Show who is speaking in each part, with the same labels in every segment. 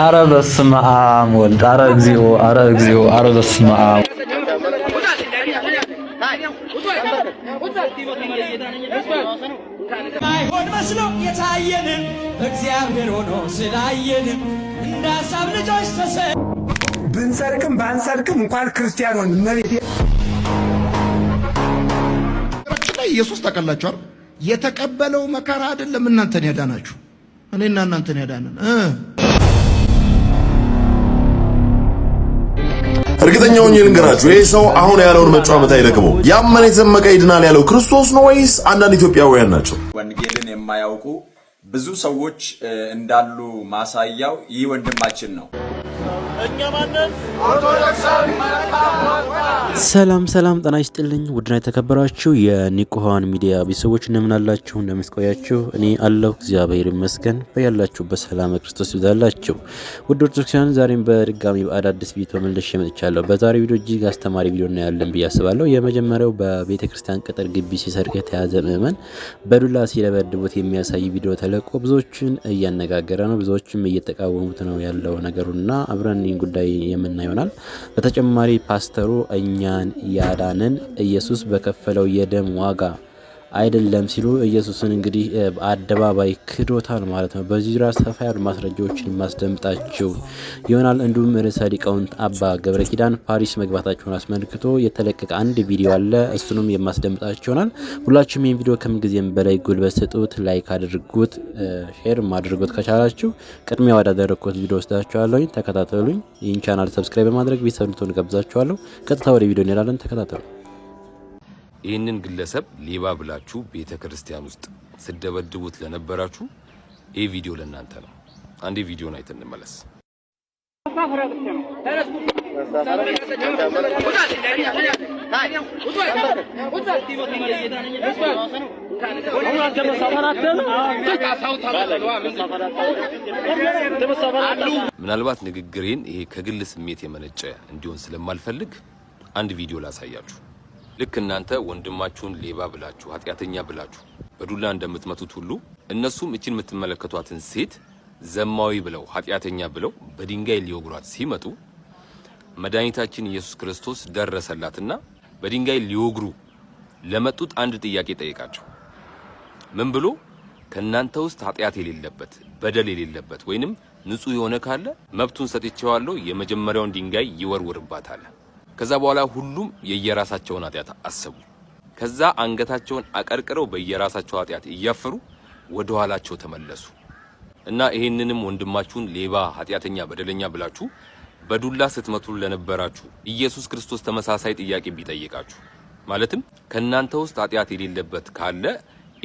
Speaker 1: አረ በስመ አብ ወልድ፣ አረ እግዚኦ፣ አረ እግዚኦ፣ አረ በስመ አብ ማይሆን መስሎ የታየን እግዚአብሔር ሆኖ
Speaker 2: ስላየን እንደ ሀሳብ ልጆች ተሰ ብንሰርቅም ባንሰርቅም እንኳን ክርስቲያን ሆን መሬት ላይ ኢየሱስ ታውቃላችሁ የተቀበለው መከራ አይደለም እናንተን ያዳናችሁ እኔና እናንተን ያዳንን እርግጠኛ ሆኜ ልንገራችሁ፣ ይህ ሰው አሁን ያለውን መጫወት አይደግመው። ያመነ የተመቀ ይድናል ያለው ክርስቶስ ነው ወይስ አንዳንድ ኢትዮጵያውያን ናቸው?
Speaker 3: ወንጌልን የማያውቁ ብዙ ሰዎች እንዳሉ ማሳያው ይህ ወንድማችን ነው።
Speaker 1: ሰላም ሰላም፣ ጤና ይስጥልኝ። ውድና የተከበራችሁ የኒቆሃን ሚዲያ ቤተሰቦች እንደምን አላችሁ? እንደምስቆያችሁ? እኔ አለሁ እግዚአብሔር ይመስገን። በያላችሁበት ሰላም ክርስቶስ ይብዛላችሁ። ውድ ኦርቶዶክሳውያን፣ ዛሬም በድጋሚ በአዳዲስ ቪዲዮ ተመልሼ መጥቻለሁ። በዛሬ ቪዲዮ እጅግ አስተማሪ ቪዲዮ ነው ያለን ብዬ አስባለሁ። የመጀመሪያው በቤተ ክርስቲያን ቅጥር ግቢ ሲሰርቅ የተያዘ ምዕመን በዱላ ሲደበድቡት የሚያሳይ ቪዲዮ ተለቆ ብዙዎችን እያነጋገረ ነው፣ ብዙዎችም እየተቃወሙት ነው ያለው ነገሩና አብረን ጉዳይ የምና ይሆናል። በተጨማሪ ፓስተሩ እኛን ያዳነን ኢየሱስ በከፈለው የደም ዋጋ አይደለም ሲሉ ኢየሱስን እንግዲህ አደባባይ ክዶታል ማለት ነው። በዚህ ዙሪያ ሰፋ ያሉ ማስረጃዎችን ማስደምጣችሁ ይሆናል። እንዲሁም ርዕሰ ሊቃውንት አባ ገብረ ኪዳን ፓሪስ መግባታቸውን አስመልክቶ የተለቀቀ አንድ ቪዲዮ አለ። እሱንም የማስደምጣችሁ ይሆናል። ሁላችሁም ይህን ቪዲዮ ከምንጊዜም በላይ ጉልበት ስጡት፣ ላይክ አድርጉት፣ ሼር አድርጉት። ከቻላችሁ ቅድሚያ ወዳደረግኩት ቪዲዮ ወስዳችኋለሁኝ። ተከታተሉኝ። ይህን ቻናል ሰብስክራይብ በማድረግ ቤተሰብ ልትሆኑ ጋብዛችኋለሁ። ቀጥታ ወደ ቪዲዮ እንሄዳለን። ተከታተሉ።
Speaker 2: ይህንን ግለሰብ ሌባ ብላችሁ ቤተ ክርስቲያን ውስጥ ስደበድቡት ለነበራችሁ ይህ ቪዲዮ ለእናንተ ነው። አንዴ ቪዲዮን አይተን እንመለስ። ምናልባት ንግግሬን ይሄ ከግል ስሜት የመነጨ እንዲሆን ስለማልፈልግ አንድ ቪዲዮ ላሳያችሁ። ልክ እናንተ ወንድማችሁን ሌባ ብላችሁ ኃጢአተኛ ብላችሁ በዱላ እንደምትመቱት ሁሉ እነሱም እችን የምትመለከቷትን ሴት ዘማዊ ብለው ኃጢአተኛ ብለው በድንጋይ ሊወግሯት ሲመጡ መድኃኒታችን ኢየሱስ ክርስቶስ ደረሰላትና በድንጋይ ሊወግሩ ለመጡት አንድ ጥያቄ ጠይቃቸው። ምን ብሎ ከእናንተ ውስጥ ኃጢአት የሌለበት በደል የሌለበት ወይንም ንጹሕ የሆነ ካለ መብቱን ሰጥቼዋለሁ፣ የመጀመሪያውን ድንጋይ ይወርውርባታል። ከዛ በኋላ ሁሉም የየራሳቸውን ኃጢአት አሰቡ። ከዛ አንገታቸውን አቀርቅረው በየራሳቸው ኃጢአት እያፈሩ ወደ ኋላቸው ተመለሱ እና ይህንንም ወንድማችሁን ሌባ፣ ኃጢአተኛ፣ በደለኛ ብላችሁ በዱላ ስትመቱ ለነበራችሁ ኢየሱስ ክርስቶስ ተመሳሳይ ጥያቄ ቢጠይቃችሁ ማለትም ከእናንተ ውስጥ ኃጢአት የሌለበት ካለ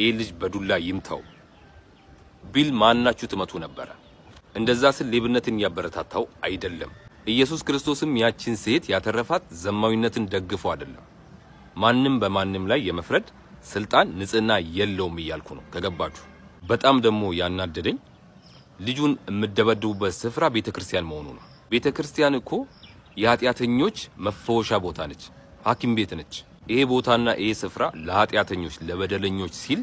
Speaker 2: ይህ ልጅ በዱላ ይምታው ቢል ማናችሁ ትመቱ ነበረ? እንደዛ ስል ሌብነትን ያበረታታው አይደለም። ኢየሱስ ክርስቶስም ያችን ሴት ያተረፋት ዘማዊነትን ደግፎ አይደለም። ማንም በማንም ላይ የመፍረድ ስልጣን ንጽህና የለውም እያልኩ ነው። ከገባችሁ። በጣም ደግሞ ያናደደኝ ልጁን የምደበድቡበት ስፍራ ቤተ ክርስቲያን መሆኑ ነው። ቤተ ክርስቲያን እኮ የኃጢአተኞች መፈወሻ ቦታ ነች፣ ሐኪም ቤት ነች። ይሄ ቦታና ይሄ ስፍራ ለኃጢአተኞች ለበደለኞች ሲል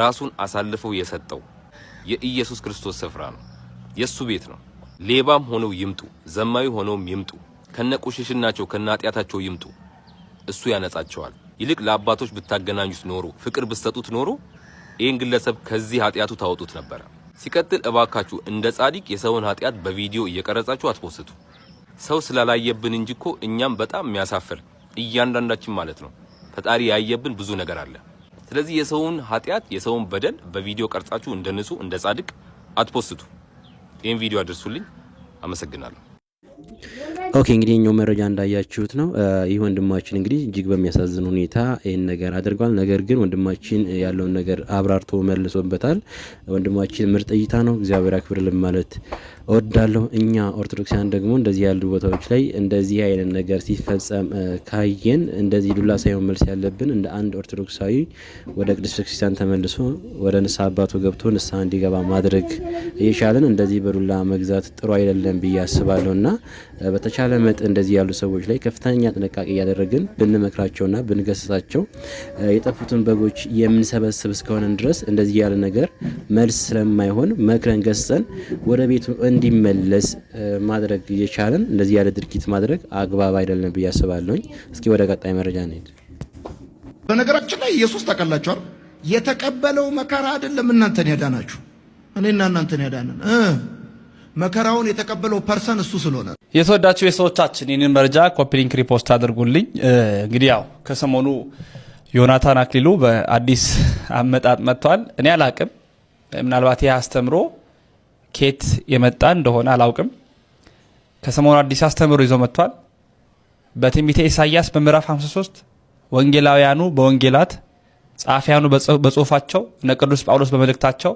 Speaker 2: ራሱን አሳልፈው የሰጠው የኢየሱስ ክርስቶስ ስፍራ ነው፣ የእሱ ቤት ነው። ሌባም ሆነው ይምጡ፣ ዘማዊ ሆነውም ይምጡ፣ ከነ ቁሽሽናቸው ከነ ኃጢአታቸው ይምጡ፣ እሱ ያነጻቸዋል። ይልቅ ለአባቶች ብታገናኙት ኖሮ ፍቅር ብትሰጡት ኖሮ ይህን ግለሰብ ከዚህ ኃጢአቱ ታወጡት ነበረ። ሲቀጥል እባካችሁ እንደ ጻድቅ የሰውን ኃጢአት በቪዲዮ እየቀረጻችሁ አትፖስቱ። ሰው ስላላየብን እንጂ እኮ እኛም በጣም የሚያሳፍር እያንዳንዳችን ማለት ነው ፈጣሪ ያየብን ብዙ ነገር አለ። ስለዚህ የሰውን ኃጢአት የሰውን በደል በቪዲዮ ቀርጻችሁ እንደ ንጹህ እንደ ጻድቅ አትፖስቱ። ይህን ቪዲዮ አድርሱልኝ። አመሰግናለሁ።
Speaker 1: ኦኬ እንግዲህ የኛው መረጃ እንዳያችሁት ነው። ይህ ወንድማችን እንግዲህ እጅግ በሚያሳዝን ሁኔታ ይህን ነገር አድርጓል። ነገር ግን ወንድማችን ያለውን ነገር አብራርቶ መልሶበታል። ወንድማችን ምርጥ እይታ ነው። እግዚአብሔር አክብርልን ማለት እወዳለሁ። እኛ ኦርቶዶክሳን ደግሞ እንደዚህ ያሉ ቦታዎች ላይ እንደዚህ አይነት ነገር ሲፈጸም ካየን እንደዚህ ዱላ ሳይሆን መልስ ያለብን እንደ አንድ ኦርቶዶክሳዊ ወደ ቅዱስ ቤተክርስቲያን ተመልሶ ወደ ንስሐ አባቱ ገብቶ ንስሐ እንዲገባ ማድረግ እየቻለን እንደዚህ በዱላ መግዛት ጥሩ አይደለም ብዬ አስባለሁ እና በተቻለ መጠን እንደዚህ ያሉ ሰዎች ላይ ከፍተኛ ጥንቃቄ እያደረግን ብንመክራቸውና ብንገስጻቸው የጠፉትን በጎች የምንሰበስብ እስከሆነን ድረስ እንደዚህ ያለ ነገር መልስ ስለማይሆን መክረን ገስጸን ወደ ቤቱ እንዲመለስ ማድረግ እየቻለን እንደዚህ ያለ ድርጊት ማድረግ አግባብ አይደለም ብዬ አስባለሁኝ። እስኪ ወደ ቀጣይ መረጃ እንሄድ።
Speaker 2: በነገራችን ላይ ኢየሱስ ታውቃላችኋል፣ የተቀበለው መከራ አይደለም እናንተን ያዳናችሁ፣ እኔና እናንተን ያዳንን መከራውን የተቀበለው ፐርሰን እሱ ስለሆነ
Speaker 1: የተወዳችሁ የሰዎቻችን ይህንን መረጃ ኮፒሊንክ ሪፖርት አድርጉልኝ። እንግዲህ ያው ከሰሞኑ ዮናታን አክሊሉ በአዲስ አመጣጥ መጥቷል። እኔ አላቅም ምናልባት ይህ አስተምሮ ኬት የመጣ እንደሆነ አላውቅም። ከሰሞኑ አዲስ አስተምሮ ይዞ መጥቷል። በትንቢተ ኢሳያስ በምዕራፍ 53 ወንጌላውያኑ በወንጌላት ጸሐፊያኑ በጽሁፋቸው እነ ቅዱስ ጳውሎስ በመልእክታቸው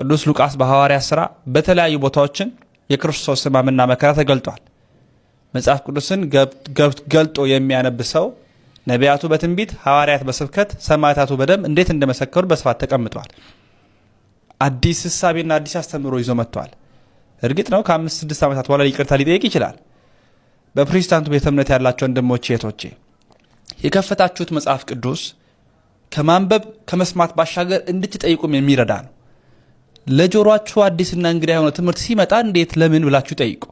Speaker 1: ቅዱስ ሉቃስ በሐዋርያ ሥራ በተለያዩ ቦታዎችን የክርስቶስ ሕማምና መከራ ተገልጧል። መጽሐፍ ቅዱስን ገልጦ የሚያነብ ሰው ነቢያቱ በትንቢት ሐዋርያት በስብከት ሰማዕታቱ በደም እንዴት እንደመሰከሩ በስፋት ተቀምጧል። አዲስ ህሳቤና አዲስ አስተምህሮ ይዞ መጥቷል። እርግጥ ነው ከአምስት ስድስት ዓመታት በኋላ ይቅርታ ሊጠይቅ ይችላል። በፕሮቴስታንቱ ቤተ እምነት ያላቸው ወንድሞቼ እህቶቼ፣ የከፈታችሁት መጽሐፍ ቅዱስ ከማንበብ ከመስማት ባሻገር እንድትጠይቁም የሚረዳ ነው። ለጆሮአችሁ አዲስና እንግዳ የሆነ ትምህርት ሲመጣ እንዴት ለምን ብላችሁ ጠይቁ።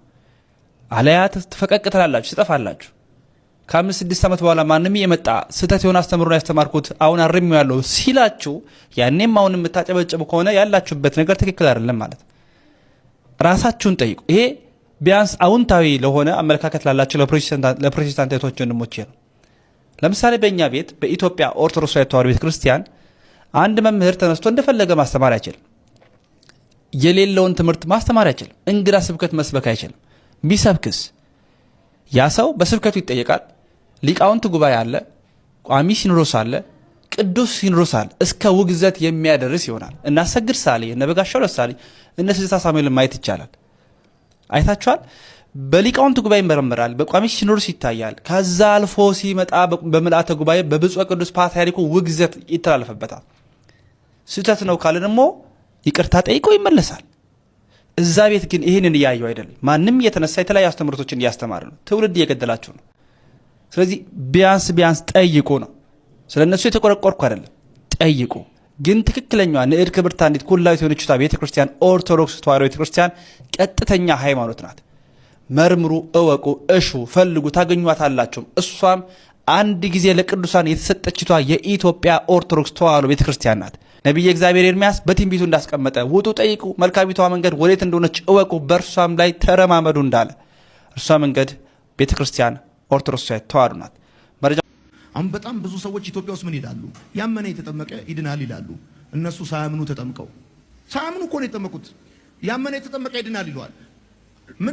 Speaker 1: አለያ ትፈቀቅ ትላላችሁ፣ ትጠፋላችሁ። ከአምስት ስድስት ዓመት በኋላ ማንም የመጣ ስህተት የሆነ አስተምሮ ያስተማርኩት አሁን አርሚው ያለው ሲላችሁ ያኔም አሁን የምታጨበጭቡ ከሆነ ያላችሁበት ነገር ትክክል አይደለም ማለት ራሳችሁን ጠይቁ። ይሄ ቢያንስ አውንታዊ ለሆነ አመለካከት ላላቸው ለፕሮቴስታንት እህቶች ወንድሞቼ ነው። ለምሳሌ በእኛ ቤት በኢትዮጵያ ኦርቶዶክስ ተዋሕዶ ቤተ ክርስቲያን አንድ መምህር ተነስቶ እንደፈለገ ማስተማር አይችልም። የሌለውን ትምህርት ማስተማር አይችልም። እንግዳ ስብከት መስበክ አይችልም። ቢሰብክስ ያ ሰው በስብከቱ ይጠየቃል። ሊቃውንት ጉባኤ አለ፣ ቋሚ ሲኖዶስ አለ፣ ቅዱስ ሲኖዶስ አለ። እስከ ውግዘት የሚያደርስ ይሆናል። እነ አሰግድ ሳሌ፣ እነ በጋሻው ደሳሌ፣ እነ ስልሳ ማየት ይቻላል። አይታችኋል። በሊቃውንት ጉባኤ ይመረምራል፣ በቋሚ ሲኖዶስ ይታያል። ከዛ አልፎ ሲመጣ በምልአተ ጉባኤ በብፁዕ ቅዱስ ፓትርያርኩ ውግዘት ይተላለፈበታል። ስህተት ነው ካለ ደግሞ ይቅርታ ጠይቆ ይመለሳል። እዛ ቤት ግን ይህንን እያየው አይደለም። ማንም እየተነሳ የተለያዩ አስተምህሮቶችን እያስተማረ ነው። ትውልድ እየገደላችሁ ነው። ስለዚህ ቢያንስ ቢያንስ ጠይቁ ነው። ስለ እነሱ የተቆረቆርኩ አይደለም። ጠይቁ ግን ትክክለኛዋ ንዕድ ክብርት አንዲት ኩላዊት የሆነችታ ቤተክርስቲያን ኦርቶዶክስ ተዋሕዶ ቤተክርስቲያን ቀጥተኛ ሃይማኖት ናት። መርምሩ፣ እወቁ፣ እሹ፣ ፈልጉ ታገኟታላችሁ። እሷም አንድ ጊዜ ለቅዱሳን የተሰጠችቷ የኢትዮጵያ ኦርቶዶክስ ተዋሕዶ ቤተክርስቲያን ናት። ነቢየ እግዚአብሔር ኤርሚያስ በትንቢቱ እንዳስቀመጠ ውጡ፣ ጠይቁ፣ መልካቢቷ መንገድ ወዴት እንደሆነች እወቁ፣ በእርሷም ላይ ተረማመዱ እንዳለ እርሷ መንገድ ቤተክርስቲያን ኦርቶዶክሳዊት ተዋሕዶ ናት።
Speaker 2: አሁን በጣም ብዙ ሰዎች ኢትዮጵያ ውስጥ ምን ይላሉ? ያመነ የተጠመቀ ይድናል ይላሉ። እነሱ ሳያምኑ ተጠምቀው ሳያምኑ እኮ ነው የተጠመቁት። ያመነ የተጠመቀ ይድናል ይለዋል።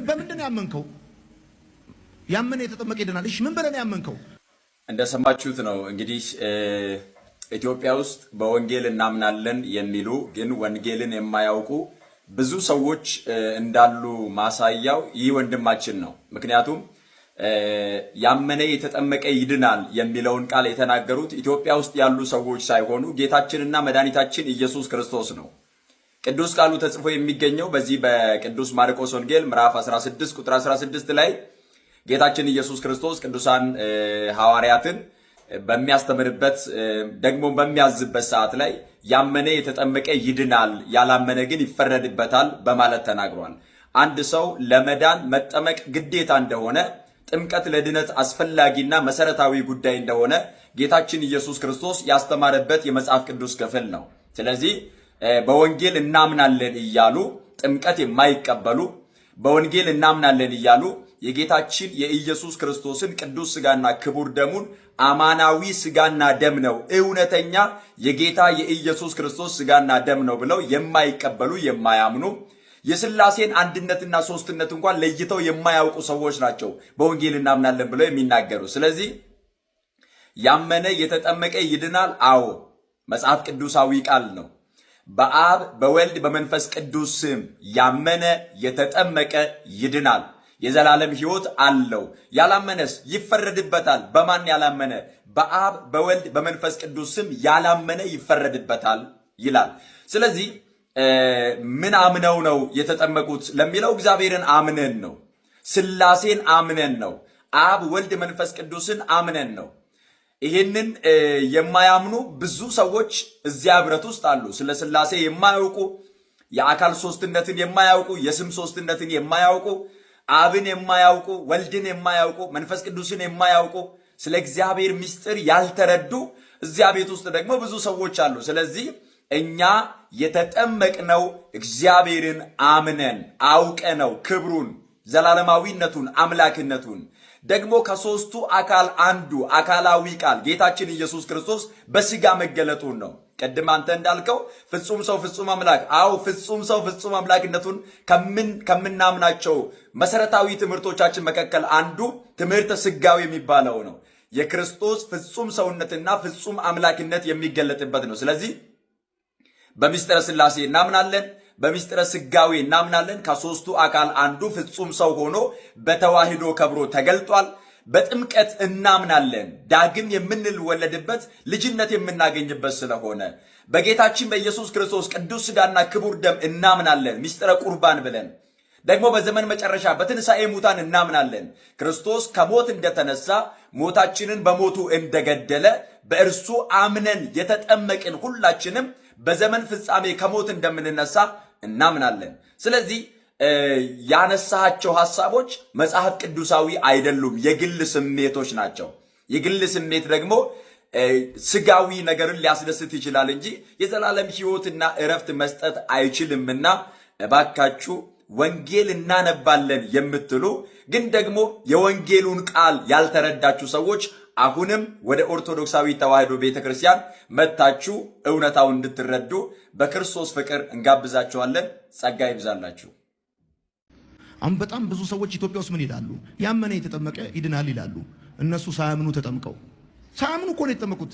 Speaker 2: በምንድን ነው ያመንከው? ያመነ የተጠመቀ ይድናል። እሺ ምን ብለን ያመንከው?
Speaker 3: እንደሰማችሁት ነው እንግዲህ ኢትዮጵያ ውስጥ በወንጌል እናምናለን የሚሉ ግን ወንጌልን የማያውቁ ብዙ ሰዎች እንዳሉ ማሳያው ይህ ወንድማችን ነው። ምክንያቱም ያመነ የተጠመቀ ይድናል የሚለውን ቃል የተናገሩት ኢትዮጵያ ውስጥ ያሉ ሰዎች ሳይሆኑ ጌታችንና መድኃኒታችን ኢየሱስ ክርስቶስ ነው። ቅዱስ ቃሉ ተጽፎ የሚገኘው በዚህ በቅዱስ ማርቆስ ወንጌል ምዕራፍ 16 ቁጥር 16 ላይ ጌታችን ኢየሱስ ክርስቶስ ቅዱሳን ሐዋርያትን በሚያስተምርበት ደግሞ በሚያዝበት ሰዓት ላይ ያመነ የተጠመቀ ይድናል፣ ያላመነ ግን ይፈረድበታል በማለት ተናግሯል። አንድ ሰው ለመዳን መጠመቅ ግዴታ እንደሆነ ጥምቀት ለድነት አስፈላጊና መሰረታዊ ጉዳይ እንደሆነ ጌታችን ኢየሱስ ክርስቶስ ያስተማረበት የመጽሐፍ ቅዱስ ክፍል ነው። ስለዚህ በወንጌል እናምናለን እያሉ ጥምቀት የማይቀበሉ በወንጌል እናምናለን እያሉ የጌታችን የኢየሱስ ክርስቶስን ቅዱስ ስጋና ክቡር ደሙን አማናዊ ስጋና ደም ነው፣ እውነተኛ የጌታ የኢየሱስ ክርስቶስ ስጋና ደም ነው ብለው የማይቀበሉ የማያምኑ የስላሴን አንድነትና ሶስትነት እንኳን ለይተው የማያውቁ ሰዎች ናቸው በወንጌል እናምናለን ብለው የሚናገሩ። ስለዚህ ያመነ የተጠመቀ ይድናል። አዎ መጽሐፍ ቅዱሳዊ ቃል ነው። በአብ በወልድ በመንፈስ ቅዱስ ስም ያመነ የተጠመቀ ይድናል፣ የዘላለም ሕይወት አለው። ያላመነስ ይፈረድበታል። በማን ያላመነ? በአብ በወልድ በመንፈስ ቅዱስ ስም ያላመነ ይፈረድበታል ይላል። ስለዚህ ምን አምነው ነው የተጠመቁት ለሚለው እግዚአብሔርን አምነን ነው። ስላሴን አምነን ነው። አብ፣ ወልድ፣ መንፈስ ቅዱስን አምነን ነው። ይህንን የማያምኑ ብዙ ሰዎች እዚያ ህብረት ውስጥ አሉ። ስለ ስላሴ የማያውቁ የአካል ሶስትነትን የማያውቁ የስም ሶስትነትን የማያውቁ አብን የማያውቁ ወልድን የማያውቁ መንፈስ ቅዱስን የማያውቁ ስለ እግዚአብሔር ምስጢር ያልተረዱ እዚያ ቤት ውስጥ ደግሞ ብዙ ሰዎች አሉ። ስለዚህ እኛ የተጠመቅነው እግዚአብሔርን አምነን አውቀነው ክብሩን ዘላለማዊነቱን አምላክነቱን ደግሞ ከሶስቱ አካል አንዱ አካላዊ ቃል ጌታችን ኢየሱስ ክርስቶስ በስጋ መገለጡን ነው። ቅድም አንተ እንዳልከው ፍጹም ሰው ፍጹም አምላክ። አዎ ፍጹም ሰው ፍጹም አምላክነቱን ከምናምናቸው መሰረታዊ ትምህርቶቻችን መካከል አንዱ ትምህርተ ስጋው የሚባለው ነው። የክርስቶስ ፍጹም ሰውነትና ፍጹም አምላክነት የሚገለጥበት ነው። ስለዚህ በሚስጥረ ስላሴ እናምናለን። በሚስጥረ ስጋዊ እናምናለን። ከሶስቱ አካል አንዱ ፍጹም ሰው ሆኖ በተዋህዶ ከብሮ ተገልጧል። በጥምቀት እናምናለን። ዳግም የምንወለድበት ልጅነት የምናገኝበት ስለሆነ በጌታችን በኢየሱስ ክርስቶስ ቅዱስ ስጋና ክቡር ደም እናምናለን። ሚስጥረ ቁርባን ብለን ደግሞ በዘመን መጨረሻ በትንሣኤ ሙታን እናምናለን። ክርስቶስ ከሞት እንደተነሳ ሞታችንን በሞቱ እንደገደለ በእርሱ አምነን የተጠመቅን ሁላችንም በዘመን ፍጻሜ ከሞት እንደምንነሳ እናምናለን። ስለዚህ ያነሳቸው ሐሳቦች መጽሐፍ ቅዱሳዊ አይደሉም፣ የግል ስሜቶች ናቸው። የግል ስሜት ደግሞ ስጋዊ ነገርን ሊያስደስት ይችላል እንጂ የዘላለም ሕይወትና እረፍት መስጠት አይችልምና እባካችሁ ወንጌል እናነባለን የምትሉ ግን ደግሞ የወንጌሉን ቃል ያልተረዳችሁ ሰዎች አሁንም ወደ ኦርቶዶክሳዊ ተዋህዶ ቤተክርስቲያን መጥታችሁ እውነታውን እንድትረዱ በክርስቶስ ፍቅር እንጋብዛችኋለን። ጸጋ ይብዛላችሁ።
Speaker 2: አሁን በጣም ብዙ ሰዎች ኢትዮጵያ ውስጥ ምን ይላሉ? ያመነ የተጠመቀ ይድናል ይላሉ። እነሱ ሳያምኑ ተጠምቀው ሳያምኑ እኮ ነው የተጠመቁት።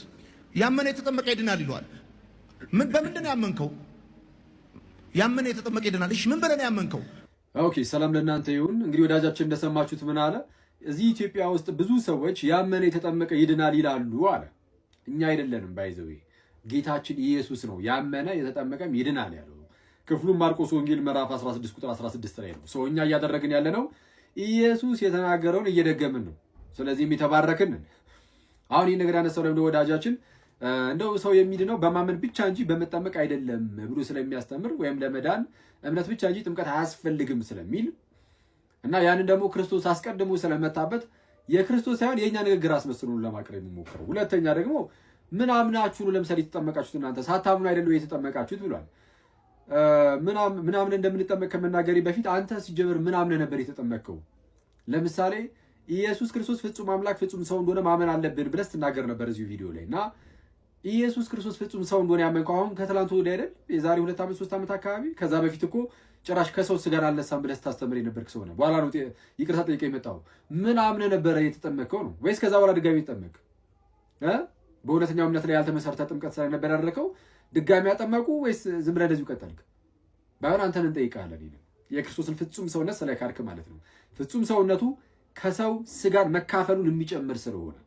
Speaker 2: ያመነ የተጠመቀ ይድናል ይለዋል። በምንድን ነው ያመንከው? ያመነ የተጠመቀ ይድናል። እሺ ምን ብለህ ያመንከው?
Speaker 1: ኦኬ ሰላም ለእናንተ ይሁን። እንግዲህ ወዳጃችን እንደሰማችሁት ምን አለ እዚህ ኢትዮጵያ ውስጥ ብዙ ሰዎች ያመነ የተጠመቀ ይድናል ይላሉ አለ። እኛ አይደለንም ባይዘው ጌታችን ኢየሱስ ነው ያመነ የተጠመቀም ይድናል ያለው። ክፍሉም ማርቆስ ወንጌል ምዕራፍ 16 ቁጥር 16 ላይ ነው። ሰው እኛ እያደረግን ያለ ነው ኢየሱስ የተናገረውን እየደገምን ነው። ስለዚህም የተባረክን አሁን ይህ ነገር ያነሳው ለምደ ወዳጃችን እንደው ሰው የሚድነው በማመን ብቻ እንጂ በመጠመቅ አይደለም ብሎ ስለሚያስተምር ወይም ለመዳን እምነት ብቻ እንጂ ጥምቀት አያስፈልግም ስለሚል እና ያንን ደግሞ ክርስቶስ አስቀድሞ ስለመታበት የክርስቶስ ሳይሆን የእኛ ንግግር አስመስሉን ለማቅረብ የሚሞክረው። ሁለተኛ ደግሞ ምን አምናችሁ ነው ለምሳሌ የተጠመቃችሁት? እናንተ ሳታምኑ አይደለ የተጠመቃችሁት ብሏል። ምናምን እንደምንጠመቅ ከመናገሬ በፊት አንተ ሲጀምር ምናምን ነበር የተጠመቅከው? ለምሳሌ ኢየሱስ ክርስቶስ ፍጹም አምላክ ፍጹም ሰው እንደሆነ ማመን አለብን ብለህ ስትናገር ነበር እዚሁ ቪዲዮ ላይ እና ኢየሱስ ክርስቶስ ፍጹም ሰው እንደሆነ ያመንከው አሁን ከትላንት ወዲያ አይደል? የዛሬ ሁለት ዓመት ሶስት ዓመት አካባቢ ከዛ በፊት እኮ ጭራሽ ከሰው ስጋር አለሳም ብለህ ስታስተምር የነበርክ ሰው ነህ። በኋላ ነው ይቅርታ ጠይቀ የመጣው። ምን አምነህ ነበረ የተጠመቅከው ነው ወይስ ከዛ በኋላ ድጋሚ ተጠመቅ? በእውነተኛው እምነት ላይ ያልተመሰረተ ጥምቀት ስለነበር ያደረከው ድጋሚ ያጠመቁ ወይስ ዝም ብለህ እንደዚሁ ቀጠልክ? ባይሆን አንተን እንጠይቃለን። የክርስቶስን ፍጹም ሰውነት ስለ ካድክ ማለት ነው። ፍጹም ሰውነቱ ከሰው ስጋን መካፈሉን የሚጨምር ስለሆነ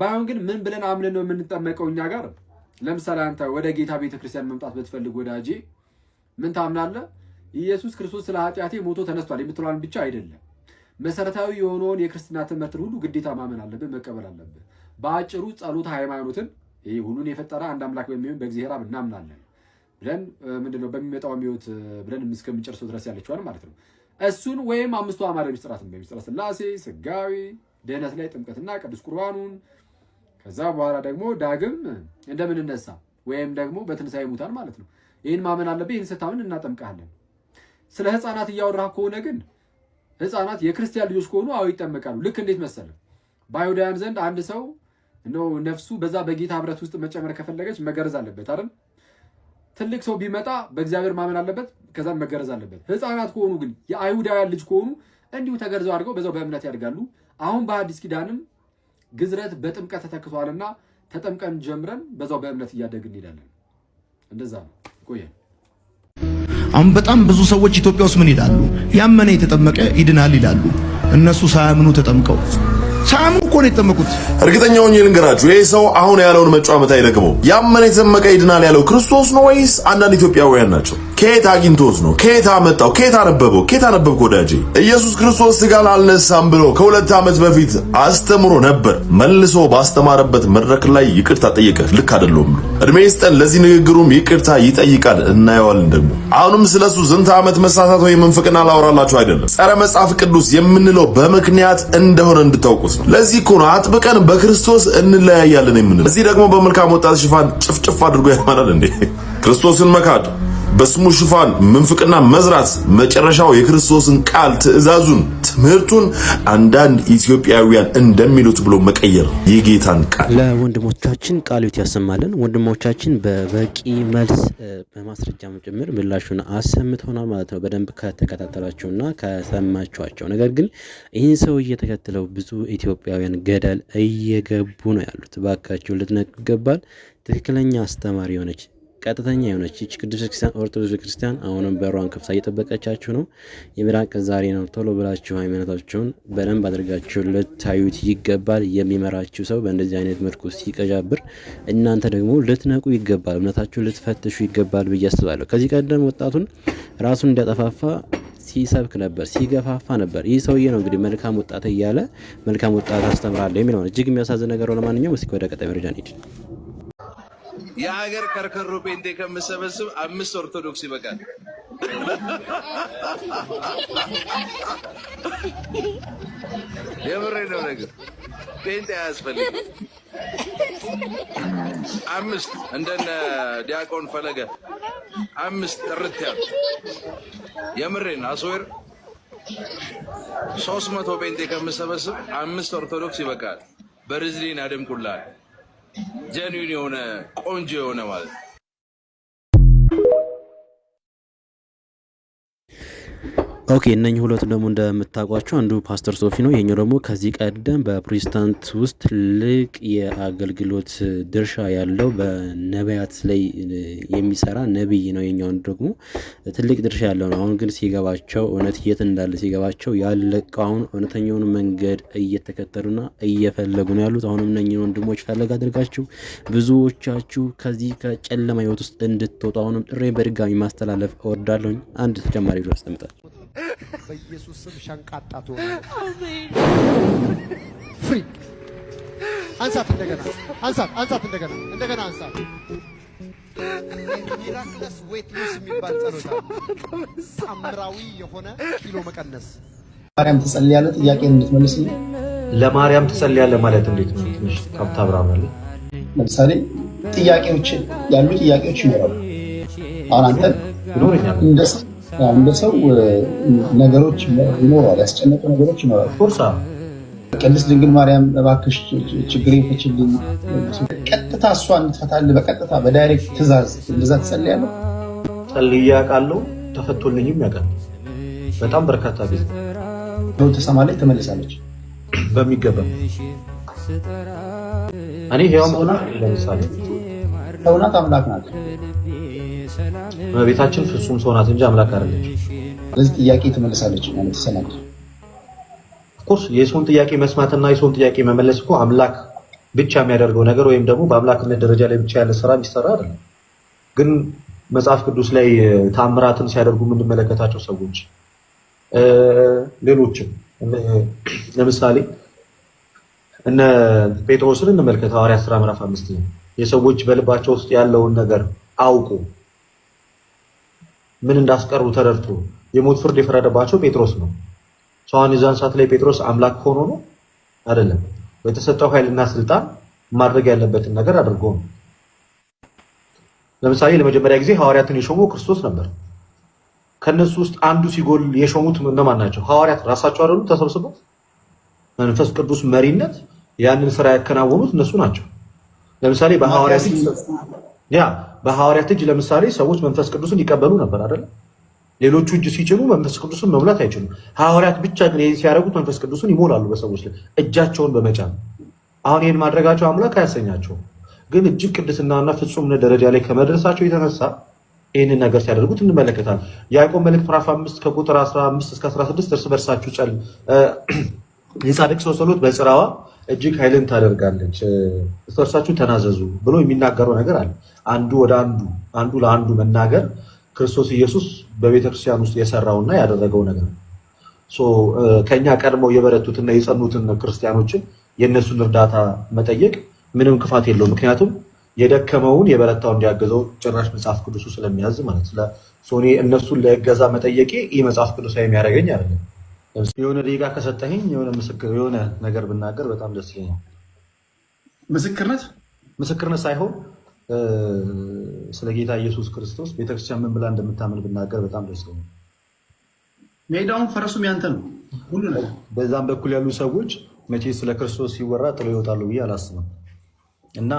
Speaker 1: ባይሆን ግን ምን ብለን አምነን ነው የምንጠመቀው? እኛ ጋር ለምሳሌ አንተ ወደ ጌታ ቤተክርስቲያን መምጣት ብትፈልግ ወዳጄ ምን ታምናለህ? ኢየሱስ ክርስቶስ ስለ ኃጢአቴ ሞቶ ተነስቷል የምትለዋን ብቻ አይደለም። መሰረታዊ የሆነውን የክርስትና ትምህርትን ሁሉ ግዴታ ማመን አለብህ፣ መቀበል አለብህ። በአጭሩ ጸሎተ ሃይማኖትን ይህ ሁሉን የፈጠረ አንድ አምላክ በሚሆን በእግዚአብሔር አብ እናምናለን ብለን ምንድነው በሚመጣው ሕይወት ብለን እስከምንጨርሰው ድረስ ያለችዋል ማለት ነው። እሱን ወይም አምስቱ አእማደ ምስጢራትን በምስጢረ ስላሴ ስጋዊ ድህነት ላይ ጥምቀትና ቅዱስ ቁርባኑን ከዛ በኋላ ደግሞ ዳግም እንደምንነሳ ወይም ደግሞ በትንሣኤ ሙታን ማለት ነው ይህን ማመን አለብህ። ይህን ስታምን እናጠምቃለን። ስለ ህፃናት እያወራ ከሆነ ግን ህፃናት የክርስቲያን ልጆች ከሆኑ አዎ ይጠመቃሉ። ልክ እንዴት መሰለ በአይሁዳውያን ዘንድ አንድ ሰው ነው ነፍሱ በዛ በጌታ ህብረት ውስጥ መጨመር ከፈለገች መገረዝ አለበት አይደል? ትልቅ ሰው ቢመጣ በእግዚአብሔር ማመን አለበት፣ ከዛም መገረዝ አለበት። ህፃናት ከሆኑ ግን የአይሁዳውያን ልጅ ከሆኑ እንዲሁ ተገርዘው አድርገው በዛው በእምነት ያድጋሉ። አሁን በአዲስ ኪዳንም ግዝረት በጥምቀት ተተክቷልና ተጠምቀን ጀምረን በዛው በእምነት እያደግን እንሄዳለን። እንደዛ ነው።
Speaker 2: አሁን በጣም ብዙ ሰዎች ኢትዮጵያ ውስጥ ምን ይላሉ? ያመነ የተጠመቀ ይድናል ይላሉ። እነሱ ሳያምኑ ተጠምቀው ሳያምኑ ነው የተጠመቁት። እርግጠኛ ሆኜ ልንገራችሁ፣ ይህ ሰው አሁን ያለውን መጫመት አይደግመው። ያመነ የተጠመቀ ይድናል ያለው ክርስቶስ ነው ወይስ አንዳንድ ኢትዮጵያውያን ናቸው? ከየት አግኝቶት ነው? ከየት አመጣው? ከየት አነበበው? ከየት አነበብክ ወዳጄ? ኢየሱስ ክርስቶስ ስጋን አልነሳም ብሎ ከሁለት ዓመት በፊት አስተምሮ ነበር። መልሶ ባስተማረበት መድረክ ላይ ይቅርታ ጠየቀ። ልክ አይደለም ብሎ እድሜ ይስጠን። ለዚህ ንግግሩም ይቅርታ ይጠይቃል። እናየዋለን ደግሞ። አሁንም ስለሱ ዝንተ ዓመት መሳሳት ወይም መንፍቅና ላወራላችሁ አይደለም። ጸረ መጽሐፍ ቅዱስ የምንለው በምክንያት እንደሆነ እንድታውቁት ነው። ለዚህ እኮ ነው አጥብቀን በክርስቶስ እንለያያለን የምንለው። እዚህ ደግሞ በመልካም ወጣት ሽፋን ጭፍጭፍ አድርጎ ያማናል እንዴ ክርስቶስን መካድ በስሙ ሽፋን ምንፍቅና መዝራት መጨረሻው የክርስቶስን ቃል ትእዛዙን፣ ትምህርቱን አንዳንድ ኢትዮጵያውያን እንደሚሉት ብሎ መቀየር የጌታን ቃል
Speaker 1: ለወንድሞቻችን ቃሉት ያሰማልን። ወንድሞቻችን በበቂ መልስ በማስረጃ ጭምር ምላሹን አሰምተውናል ማለት ነው። በደንብ ከተከታተላችሁና ከሰማቸዋቸው። ነገር ግን ይህን ሰው እየተከተለው ብዙ ኢትዮጵያውያን ገደል እየገቡ ነው ያሉት። ባካቸው ልትነቅ ይገባል። ትክክለኛ አስተማሪ የሆነች ቀጥተኛ የሆነች ይች ቅዱስ ክርስቲያን ኦርቶዶክስ ቤተክርስቲያን አሁንም በሯን ከፍታ እየጠበቀቻችሁ ነው። የምራቅ ዛሬ ነው። ቶሎ ብላችሁ ሃይማኖታችሁን በደንብ አድርጋችሁ ልታዩት ይገባል። የሚመራችሁ ሰው በእንደዚህ አይነት መልኩ ሲቀዣብር፣ እናንተ ደግሞ ልትነቁ ይገባል። እምነታችሁን ልትፈትሹ ይገባል ብዬ አስባለሁ። ከዚህ ቀደም ወጣቱን ራሱን እንዲያጠፋፋ ሲሰብክ ነበር፣ ሲገፋፋ ነበር። ይህ ሰውዬ ነው እንግዲህ መልካም ወጣት እያለ መልካም ወጣት አስተምራለሁ የሚለው እጅግ የሚያሳዝን ነገር። ለማንኛውም እስኪ ወደ ቀጣይ መረጃ እንሂድ።
Speaker 3: የሀገር ከርከሮ ጴንጤ ከምሰበስብ አምስት ኦርቶዶክስ ይበቃል። የምሬ ነው። ነገር ጴንጤ አያስፈልግም። አምስት እንደነ ዲያቆን ፈለገ አምስት ጥርት ያሉ የምሬን አስዌር ሶስት መቶ ጴንጤ ከምሰበስብ አምስት ኦርቶዶክስ ይበቃል። በርዝሊን አደምቁላል። ጀኒን የሆነ ቆንጆ የሆነ ማለት ነው
Speaker 1: ኦኬ እነኚህ ሁለቱ ደግሞ እንደምታውቋቸው አንዱ ፓስተር ሶፊ ነው። ይሄኛው ደግሞ ከዚህ ቀደም በፕሮቴስታንት ውስጥ ትልቅ የአገልግሎት ድርሻ ያለው በነቢያት ላይ የሚሰራ ነቢይ ነው። ይሄኛውን ደግሞ ትልቅ ድርሻ ያለው ነው። አሁን ግን ሲገባቸው እውነት የት እንዳለ ሲገባቸው ያለቀውን እውነተኛውን መንገድ እየተከተሉና እየፈለጉ ነው ያሉት። አሁንም እነኚህን ወንድሞች ፈለግ አድርጋችሁ ብዙዎቻችሁ ከዚህ ከጨለማ ህይወት ውስጥ እንድትወጡ አሁንም ጥሬ በድጋሚ ማስተላለፍ እወዳለሁኝ። አንድ ተጨማሪ አስቀምጣል።
Speaker 2: በኢየሱስ ስም ሸንቃጣ ትሆናለች። አሜን። ፍሪ አንሳት፣ እንደገና አንሳት፣ አንሳት፣ እንደገና እንደገና አንሳት። ሚራክለስ ዌት ሎስ የሚባል ጸሎት አምራዊ የሆነ ኪሎ መቀነስ።
Speaker 1: ማርያም ትጸልያለ ጥያቄ እንድትመልስ ለማርያም ትጸልያለ ማለት እንዴት ነው? ትንሽ ካብታብራራለ ለምሳሌ ጥያቄዎች ያሉ ጥያቄዎች ይኖራሉ። አሁን አንተ አንተን እንደስ እንደ ሰው ነገሮች ይኖራል፣ ያስጨነቁ ነገሮች ይኖራል። ርሳ ቅድስት ድንግል ማርያም እባክሽ ችግር የፈችልኝ ቀጥታ እሷ እንድትፈታልህ በቀጥታ በዳይሬክት ትእዛዝ እንደዛ ትጸልያለህ? ጸልዬ አውቃለሁ፣ ተፈቶልኝም ያውቃል። በጣም በርካታ ጊዜ ተሰማለች፣ ተመልሳለች በሚገባ እኔ ያውም ሆና ለምሳሌ ሰው አምላክ ናቸው እመቤታችን ፍጹም ሰው ናት እንጂ አምላክ አይደለች። ለዚህ ጥያቄ ትመልሳለች ማለት ሰላም ኦፍኮርስ የሰውን ጥያቄ መስማትና የሰውን ጥያቄ መመለስ እኮ አምላክ ብቻ የሚያደርገው ነገር ወይም ደግሞ በአምላክነት ደረጃ ላይ ብቻ ያለ ስራ የሚሰራ አይደለም። ግን መጽሐፍ ቅዱስ ላይ ታምራትን ሲያደርጉ የምንመለከታቸው ሰዎች ሌሎችም ለምሳሌ እነ ጴጥሮስን እንመልከት። ሐዋርያት ሥራ ምዕራፍ አምስት የሰዎች በልባቸው ውስጥ ያለውን ነገር አውቁ ምን እንዳስቀሩ ተረድቶ የሞት ፍርድ የፈረደባቸው ጴጥሮስ ነው። ሰዋን የዛን ሰዓት ላይ ጴጥሮስ አምላክ ሆኖ ነው አይደለም። በተሰጠው ኃይልና ስልጣን ማድረግ ያለበትን ነገር አድርጎ ነው። ለምሳሌ ለመጀመሪያ ጊዜ ሐዋርያትን የሾሙ ክርስቶስ ነበር። ከነሱ ውስጥ አንዱ ሲጎል የሾሙት እነማን ናቸው? ሐዋርያት ራሳቸው አይደሉ? ተሰብስበው መንፈስ ቅዱስ መሪነት ያንን ስራ ያከናወኑት እነሱ ናቸው። ለምሳሌ በሐዋርያት ያ በሐዋርያት እጅ ለምሳሌ ሰዎች መንፈስ ቅዱስን ይቀበሉ ነበር አይደለም? ሌሎቹ እጅ ሲጭኑ መንፈስ ቅዱስን መሙላት አይችሉም። ሐዋርያት ብቻ ግን ይህን ሲያደርጉት መንፈስ ቅዱስን ይሞላሉ በሰዎች ላይ እጃቸውን በመጫን። አሁን ይህን ማድረጋቸው አምላክ አያሰኛቸውም። ግን እጅግ ቅድስናና ፍጹምነት ደረጃ ላይ ከመድረሳቸው የተነሳ ይህንን ነገር ሲያደርጉት እንመለከታል። ያዕቆብ መልእክት ምዕራፍ አምስት ከቁጥር 15 እስከ 16 እርስ በርሳችሁ ጸል የጻድቅ ሰው ጸሎት በጽራዋ እጅግ ኃይልን ታደርጋለች፣ እርሳችሁ ተናዘዙ ብሎ የሚናገረው ነገር አለ። አንዱ ወደ አንዱ አንዱ ለአንዱ መናገር ክርስቶስ ኢየሱስ በቤተክርስቲያን ውስጥ የሰራውና ያደረገው ነገር ነው። ከኛ ቀድመው የበረቱትና የጸኑትን ክርስቲያኖችን የእነሱን እርዳታ መጠየቅ ምንም ክፋት የለው። ምክንያቱም የደከመውን የበረታው እንዲያገዘው ጭራሽ መጽሐፍ ቅዱሱ ስለሚያዝ ማለት እነሱን ለእገዛ መጠየቄ ይህ መጽሐፍ ቅዱሳዊ የሚያደርገኝ አይደለም። የሆነ ደቂቃ ከሰጠኝ የሆነ ምስክር የሆነ ነገር ብናገር በጣም ደስ ይለኛል። ምስክርነት ምስክርነት ሳይሆን ስለ ጌታ ኢየሱስ ክርስቶስ ቤተክርስቲያን ምን ብላ እንደምታምን ብናገር በጣም ደስ ይለኛል። ሜዳውን ፈረሱም ያንተ ነው ሁሉ ነገር። በዛም በኩል ያሉ ሰዎች መቼ ስለ ክርስቶስ ሲወራ ጥሎ ይወጣሉ ብዬ አላስብም እና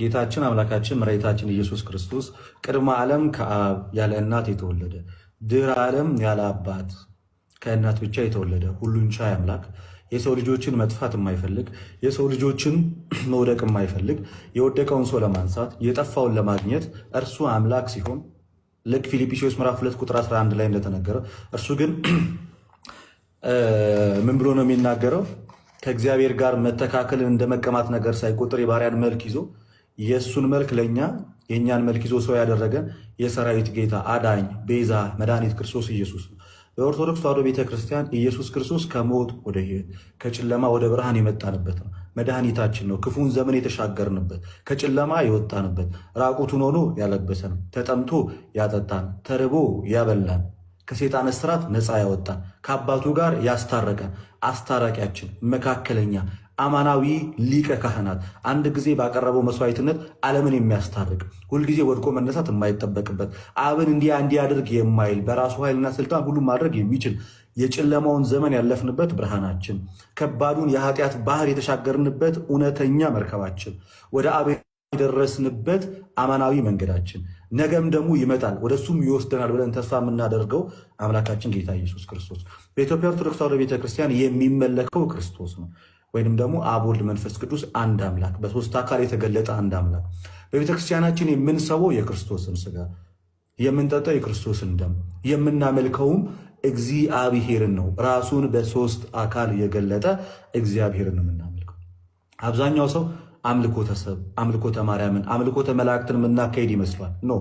Speaker 1: ጌታችን አምላካችን መሬታችን ኢየሱስ ክርስቶስ ቅድመ ዓለም ከአብ ያለ እናት የተወለደ ድር ዓለም ያለ አባት ከእናት ብቻ የተወለደ ሁሉን ቻይ አምላክ የሰው ልጆችን መጥፋት የማይፈልግ የሰው ልጆችን መውደቅ የማይፈልግ የወደቀውን ሰው ለማንሳት የጠፋውን ለማግኘት እርሱ አምላክ ሲሆን ልክ ፊልጵስዩስ ምዕራፍ 2 ቁጥር 11 ላይ እንደተነገረ እርሱ ግን ምን ብሎ ነው የሚናገረው? ከእግዚአብሔር ጋር መተካከልን እንደ መቀማት ነገር ሳይቆጥር የባሪያን መልክ ይዞ የእሱን መልክ ለእኛ የእኛን መልክ ይዞ ሰው ያደረገን የሰራዊት ጌታ አዳኝ፣ ቤዛ፣ መድኃኒት ክርስቶስ ኢየሱስ ነው። በኦርቶዶክስ ተዋሕዶ ቤተክርስቲያን ኢየሱስ ክርስቶስ ከሞት ወደ ሕይወት ከጨለማ ወደ ብርሃን የመጣንበት ነው። መድኃኒታችን ነው። ክፉን ዘመን የተሻገርንበት ከጨለማ የወጣንበት ራቁቱን ሆኖ ያለበሰን፣ ተጠምቶ ያጠጣን፣ ተርቦ ያበላን፣ ከሴጣን እስራት ነፃ ያወጣን፣ ከአባቱ ጋር ያስታረቀን፣ አስታራቂያችን፣ መካከለኛ አማናዊ ሊቀ ካህናት አንድ ጊዜ ባቀረበው መስዋዕትነት ዓለምን የሚያስታርቅ ሁልጊዜ ወድቆ መነሳት የማይጠበቅበት አብን እንዲያ እንዲያደርግ የማይል በራሱ ኃይልና ስልጣን ሁሉም ማድረግ የሚችል የጨለማውን ዘመን ያለፍንበት ብርሃናችን፣ ከባዱን የኃጢአት ባህር የተሻገርንበት እውነተኛ መርከባችን፣ ወደ አብ የደረስንበት አማናዊ መንገዳችን፣ ነገም ደግሞ ይመጣል ወደሱም ይወስደናል ብለን ተስፋ የምናደርገው አምላካችን ጌታ ኢየሱስ ክርስቶስ። በኢትዮጵያ ኦርቶዶክስ ተዋሕዶ ቤተክርስቲያን የሚመለከው ክርስቶስ ነው። ወይንም ደግሞ አብ ወልድ መንፈስ ቅዱስ አንድ አምላክ በሶስት አካል የተገለጠ አንድ አምላክ። በቤተክርስቲያናችን የምንሰበው የክርስቶስን ስጋ የምንጠጣው የክርስቶስን ደም የምናመልከውም እግዚአብሔርን ነው። ራሱን በሶስት አካል የገለጠ እግዚአብሔርን ነው የምናመልከው። አብዛኛው ሰው አምልኮተ ሰብ፣ አምልኮተ ማርያምን፣ አምልኮተ መላእክትን የምናካሄድ ይመስሏል። ኖ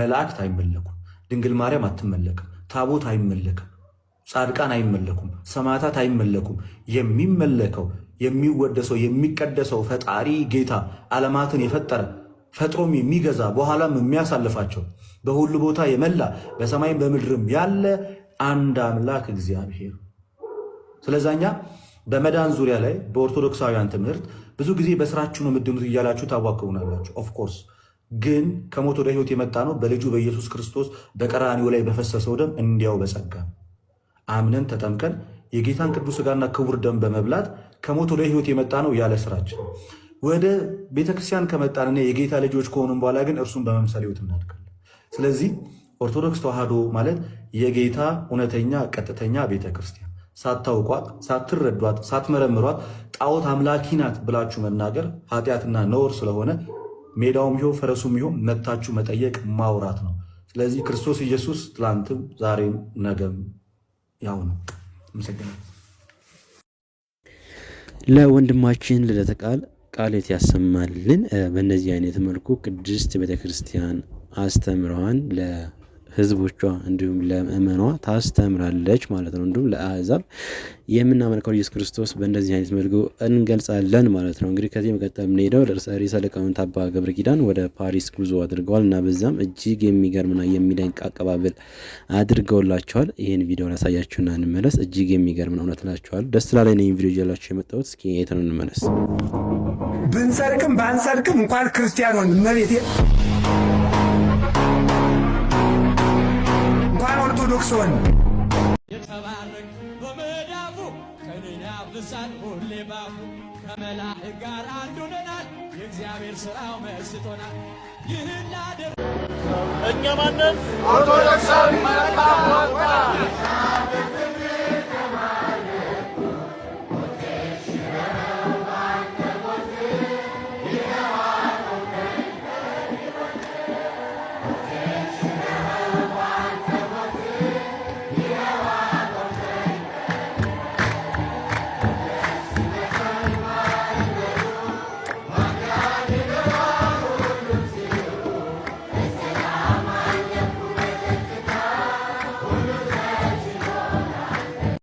Speaker 1: መላእክት አይመለኩም። ድንግል ማርያም አትመለክም። ታቦት አይመለክም። ጻድቃን አይመለኩም። ሰማዕታት አይመለኩም። የሚመለከው የሚወደሰው የሚቀደሰው ፈጣሪ ጌታ ዓለማትን የፈጠረ ፈጥሮም የሚገዛ በኋላም የሚያሳልፋቸው በሁሉ ቦታ የመላ በሰማይም በምድርም ያለ አንድ አምላክ እግዚአብሔር። ስለዛኛ በመዳን ዙሪያ ላይ በኦርቶዶክሳውያን ትምህርት ብዙ ጊዜ በስራችሁ ነው የምድኑት እያላችሁ ታዋክቡናላችሁ። ኦፍኮርስ ግን ከሞት ወደ ህይወት የመጣ ነው በልጁ በኢየሱስ ክርስቶስ በቀራኒው ላይ በፈሰሰው ደም እንዲያው በጸጋ አምነን ተጠምቀን የጌታን ቅዱስ ስጋና ክቡር ደም በመብላት ከሞት ወደ ህይወት የመጣ ነው ያለ ስራችን ወደ ቤተክርስቲያን ከመጣንና የጌታ ልጆች ከሆኑም በኋላ ግን እርሱን በመምሰል ህይወት እናድጋለን። ስለዚህ ኦርቶዶክስ ተዋህዶ ማለት የጌታ እውነተኛ ቀጥተኛ ቤተክርስቲያን ሳታውቋት፣ ሳትረዷት፣ ሳትመረምሯት ጣዖት አምላኪ ናት ብላችሁ መናገር ኃጢአትና ነውር ስለሆነ ሜዳውም ይሆን ፈረሱም ይሆን መታችሁ መጠየቅ ማውራት ነው። ስለዚህ ክርስቶስ ኢየሱስ ትላንትም ዛሬም ነገም ያው ነው። አመሰግናለሁ። ለወንድማችን ልደተ ቃል ቃሌት ያሰማልን። በእነዚህ አይነት መልኩ ቅድስት ቤተክርስቲያን አስተምረዋን ለ ህዝቦቿ እንዲሁም ለምእመኗ ታስተምራለች ማለት ነው። እንዲሁም ለአህዛብ የምናመልከው ኢየሱስ ክርስቶስ በእንደዚህ አይነት መልኩ እንገልጻለን ማለት ነው። እንግዲህ ከዚህ መቀጠል የምንሄደው ርዕሰ ሊቃውንት አባ ገብረ ኪዳን ወደ ፓሪስ ጉዞ አድርገዋል እና በዛም እጅግ የሚገርምና የሚደንቅ አቀባበል አድርገውላቸዋል። ይህን ቪዲዮ ላሳያችሁና እንመለስ። እጅግ የሚገርም ነው፣ እውነት እላችኋለሁ። ደስ ስላለኝ ይህን ቪዲዮ ይዤላችሁ የመጣሁት እስኪ የት ነው እንመለስ።
Speaker 2: ብንጸድቅም ባንጸድቅም እንኳን ክርስቲያን ሆን መቤቴ ኢትዮጵያ ኦርቶዶክስ ሆን የተባረክ በመዳፉ ከኔና ልሳን ሁሌ ባፉ ከመላህ ጋር አንዱ ሆነናል። የእግዚአብሔር ሥራው መስጦናል። ይህን ላደር እኛ ማንን ኦርቶዶክሳዊ ወጣ